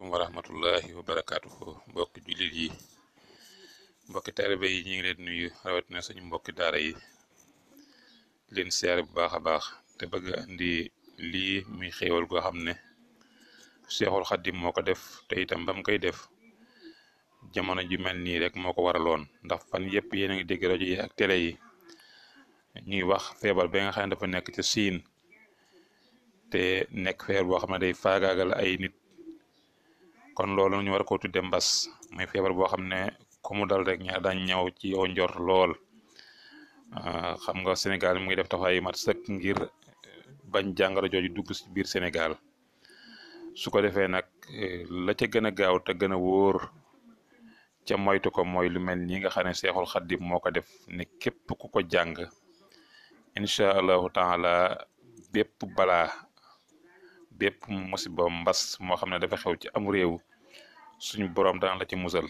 wa rahmatullahi wa barakaatuhu mbokki jullit yi mbokki taalibe yi ñu ngi leen nuyu rawatina suñu mbokki daara yi leen siyaare bu baax a baax te bëgg andi li muy xéewal goo xam ne Seexul Xaddim moo ko def te itam bam koy def jamono ju mel nii rek moo ko waraloon ndax fan yëpp yéen a ngi dégg rajo yi yi ñuy wax feebar bi nga xam ne dafa nekk ci siin te nekk feebar boo xam ne day faagaagal ay nit kon loolu ñu war ko tudde mbas muy feebar boo xam ne ku mu dal rek ñaar daañ ñëw ci yow njor lool ah, xam nga Sénégal mu ngi def taxawaay mat sëkk ngir eh, bañ jàngoro jooju dugg ci biir Sénégal su ko defee nag eh, la ca gën a gaaw te gën a wóor ca moytu ko mooy lu mel nga xam ne Seexul Xaddim ko def ne képp ku ko jàng insha allahu taala bépp balaa bépp musiba mbas moo xam ne dafa xew ci amu réew suñu borom dana la ci musal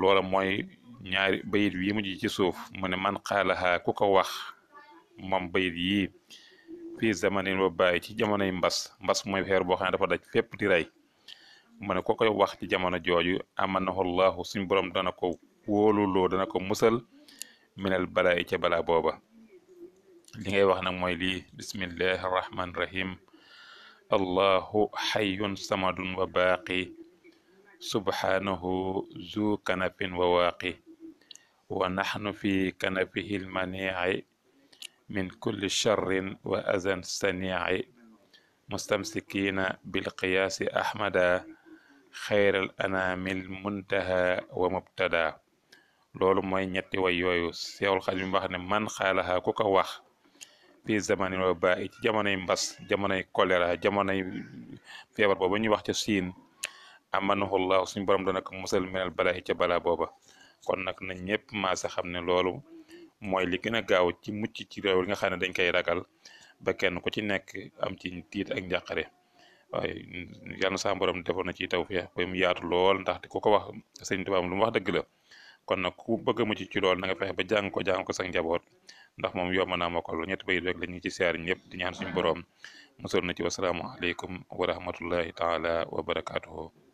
loola mooy ñaari bayit yi mu ji ci suuf mu ne man xaalaha ku ko wax moom bayit yi fii zamanin wa bàyyi ci jamonoy mbas mbas mooy xeer boo xam ne dafa daj fépp di rey mu ne ko wax ci jamono jooju amanahu llahu suñu borom dana ko wóoluloo dana ko musal minal balaa i ca balaa booba li ngay wax nag mooy lii bismillahi rahmaani rahim allahu xayyun samadun wa baaqi سبحانه ذو كنف وواقي ونحن في كنفه المنيع من كل شر وأذى سنيع مستمسكين بالقياس أحمد خير الأنام المنتهى ومبتدا لول موي نيتي واي يوي سيو الخالي مباخ من خالها كوكا واخ في زمان الوباء جامني مبس جامني كوليرا جامني فيبر بابا ني واخ سين amanahu allah suñu borom dana nak musal minal bala ca bala boba kon nak na ñepp ma sa xamne lolu moy li gëna gaaw ci mucc ci rew nga xamne dañ koy ragal ba kenn ku ci nekk am ci tiit ak njàqare way yalla sa borom defo na ci tawfeex ba mu yaatu lol ndax ko ko wax sëñ tuba lu wax deug la kon nak ku bëgg mu ci ci lol na nga fexé ba jang ko jang ko sax njabot ndax mom yoma na mako lu ñet bayit rek la ci siar ñepp di ñaan suñu borom musul na ci wassalamu alaykum wa rahmatullahi taala wa barakatuh